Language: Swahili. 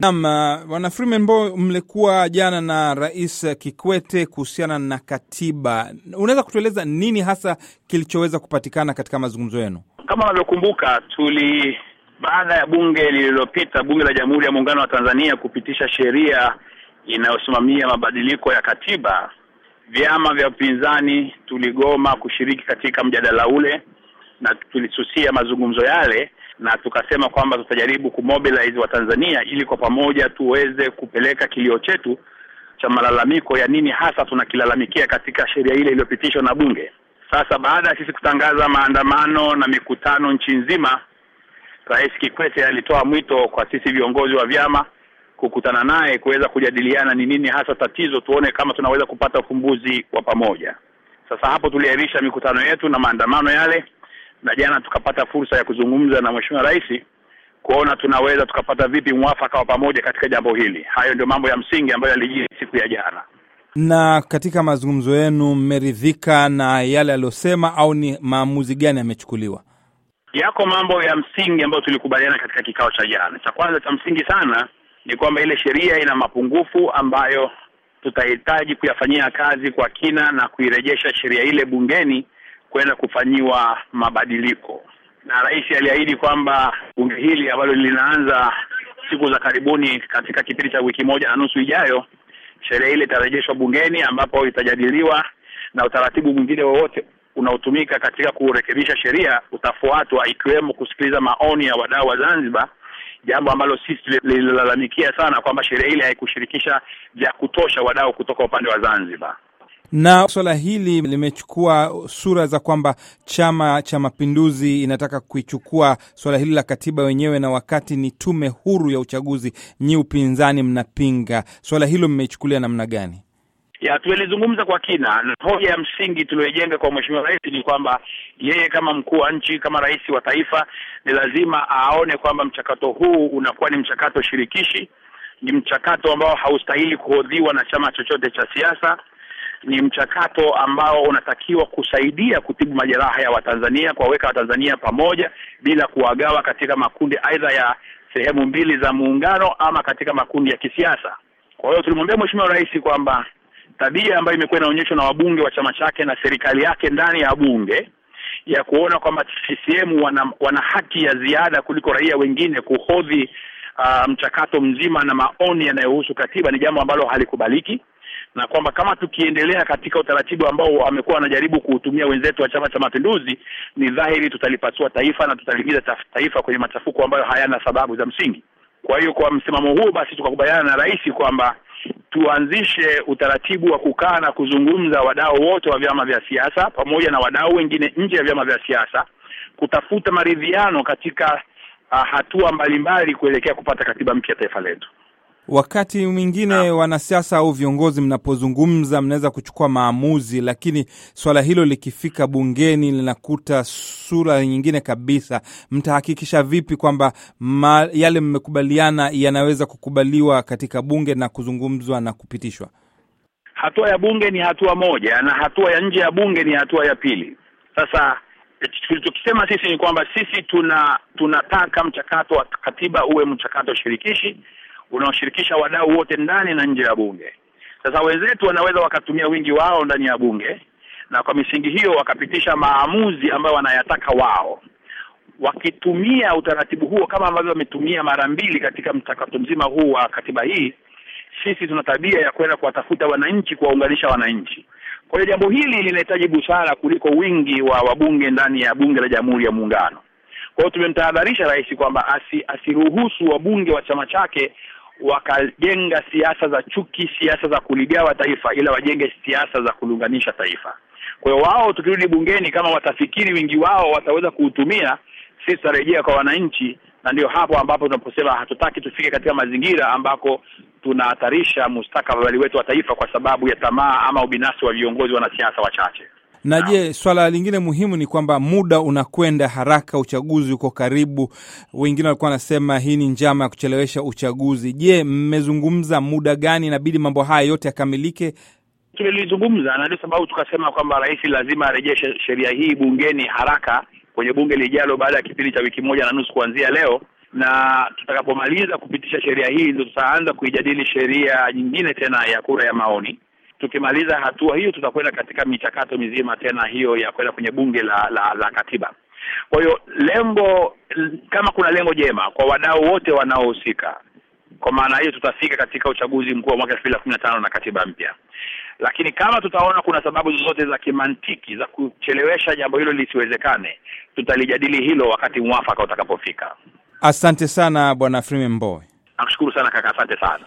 Nam uh, bwana Freeman Mbowe, mlikuwa jana na Rais Kikwete kuhusiana na katiba. Unaweza kutueleza nini hasa kilichoweza kupatikana katika mazungumzo yenu? Kama unavyokumbuka, tuli baada ya bunge lililopita, bunge la Jamhuri ya Muungano wa Tanzania kupitisha sheria inayosimamia mabadiliko ya katiba, vyama vya upinzani tuligoma kushiriki katika mjadala ule na tulisusia mazungumzo yale na tukasema kwamba tutajaribu kumobilize Watanzania ili kwa pamoja tuweze kupeleka kilio chetu cha malalamiko ya nini hasa tunakilalamikia katika sheria ile iliyopitishwa na Bunge. Sasa baada ya sisi kutangaza maandamano na mikutano nchi nzima, Rais Kikwete alitoa mwito kwa sisi viongozi wa vyama kukutana naye kuweza kujadiliana ni nini hasa tatizo, tuone kama tunaweza kupata ufumbuzi wa pamoja. Sasa hapo tuliahirisha mikutano yetu na maandamano yale na jana tukapata fursa ya kuzungumza na mheshimiwa rais kuona tunaweza tukapata vipi mwafaka wa pamoja katika jambo hili. Hayo ndio mambo ya msingi ambayo yalijiri siku ya jana. Na katika mazungumzo yenu mmeridhika na yale aliyosema, au ni maamuzi gani yamechukuliwa? Yako mambo ya msingi ambayo tulikubaliana katika kikao cha jana. Cha kwanza cha msingi sana ni kwamba ile sheria ina mapungufu ambayo tutahitaji kuyafanyia kazi kwa kina na kuirejesha sheria ile bungeni kwenda kufanyiwa mabadiliko, na rais aliahidi kwamba bunge hili ambalo linaanza siku za karibuni, katika kipindi cha wiki moja na nusu ijayo, sheria ile itarejeshwa bungeni ambapo itajadiliwa na utaratibu mwingine wowote unaotumika katika kurekebisha sheria utafuatwa, ikiwemo kusikiliza maoni ya wadau wa Zanzibar, jambo ambalo sisi tulilalamikia sana kwamba sheria ile haikushirikisha vya kutosha wadau kutoka upande wa Zanzibar na swala hili limechukua sura za kwamba Chama cha Mapinduzi inataka kuichukua swala hili la katiba wenyewe, na wakati ni tume huru ya uchaguzi. Nyi upinzani mnapinga swala hilo, mmeichukulia namna gani? ya tumelizungumza kwa kina, na hoja ya msingi tuliyoijenga kwa mweshimiwa rais ni kwamba yeye kama mkuu wa nchi, kama rais wa taifa, ni lazima aone kwamba mchakato huu unakuwa ni mchakato shirikishi, ni mchakato ambao haustahili kuhodhiwa na chama chochote cha siasa ni mchakato ambao unatakiwa kusaidia kutibu majeraha ya Watanzania, kuwaweka Watanzania pamoja bila kuwagawa katika makundi aidha ya sehemu mbili za muungano ama katika makundi ya kisiasa. Kwa hiyo tulimwambia Mheshimiwa Rais kwamba tabia ambayo imekuwa inaonyeshwa na wabunge wa chama chake na serikali yake ndani ya bunge ya kuona kwamba CCM wana, wana haki ya ziada kuliko raia wengine kuhodhi uh, mchakato mzima na maoni yanayohusu katiba ni jambo ambalo halikubaliki na kwamba kama tukiendelea katika utaratibu ambao wamekuwa wanajaribu kuutumia wenzetu wa Chama cha Mapinduzi, ni dhahiri tutalipasua taifa na tutaliingiza taifa kwenye machafuko ambayo hayana sababu za msingi. Kwa hiyo kwa msimamo huo basi, tukakubaliana na rais kwamba tuanzishe utaratibu wa kukaa na kuzungumza wadau wote wa vyama vya siasa pamoja na wadau wengine nje ya vyama vya siasa kutafuta maridhiano katika uh, hatua mbalimbali kuelekea kupata katiba mpya taifa letu. Wakati mwingine wanasiasa au viongozi mnapozungumza, mnaweza kuchukua maamuzi, lakini swala hilo likifika bungeni linakuta sura nyingine kabisa. Mtahakikisha vipi kwamba yale mmekubaliana yanaweza kukubaliwa katika bunge na kuzungumzwa na kupitishwa? Hatua ya bunge ni hatua moja, na hatua ya nje ya bunge ni hatua ya pili. Sasa tulichokisema sisi ni kwamba sisi tuna tunataka mchakato wa katiba uwe mchakato shirikishi unaoshirikisha wadau wote ndani na nje ya bunge. Sasa wenzetu wanaweza wakatumia wingi wao ndani ya bunge na kwa misingi hiyo wakapitisha maamuzi ambayo wanayataka wao. Wakitumia utaratibu huo kama ambavyo wametumia mara mbili katika mchakato mzima huu wa katiba hii, sisi tuna tabia ya kwenda kuwatafuta wananchi, kuwaunganisha wananchi. Kwa hiyo jambo hili linahitaji busara kuliko wingi wa wabunge ndani ya bunge la Jamhuri ya Muungano. Kwa hiyo tumemtahadharisha rais kwamba asi, asiruhusu wabunge wa chama chake wakajenga siasa za chuki, siasa za kuligawa taifa, ila wajenge siasa za kuliunganisha taifa. Kwa hiyo wao, tukirudi bungeni, kama watafikiri wingi wao wataweza kuutumia, sisi tutarejea kwa wananchi, na ndio hapo ambapo tunaposema hatutaki tufike katika mazingira ambako tunahatarisha mustakabali wetu wa taifa kwa sababu ya tamaa ama ubinafsi wa viongozi wanasiasa wachache. Na je, swala lingine muhimu ni kwamba muda unakwenda haraka, uchaguzi uko karibu. Wengine walikuwa wanasema hii ni njama ya kuchelewesha uchaguzi. Je, mmezungumza muda gani inabidi mambo haya yote yakamilike? Kile lilizungumza na ndio sababu tukasema kwamba rais lazima arejeshe sheria hii bungeni haraka kwenye bunge lijalo, baada ya kipindi cha wiki moja na nusu kuanzia leo, na tutakapomaliza kupitisha sheria hii ndio tutaanza kuijadili sheria nyingine tena ya kura ya maoni Tukimaliza hatua hiyo, tutakwenda katika michakato mizima tena hiyo ya kwenda kwenye bunge la la, la katiba. Kwa hiyo lengo, kama kuna lengo jema kwa wadau wote wanaohusika, kwa maana hiyo tutafika katika uchaguzi mkuu wa mwaka elfu mbili na kumi na tano na katiba mpya. Lakini kama tutaona kuna sababu zozote za kimantiki za kuchelewesha jambo hilo lisiwezekane, tutalijadili hilo wakati mwafaka utakapofika. Asante sana Bwana frimembo Mbowe. Nakushukuru sana kaka, asante sana.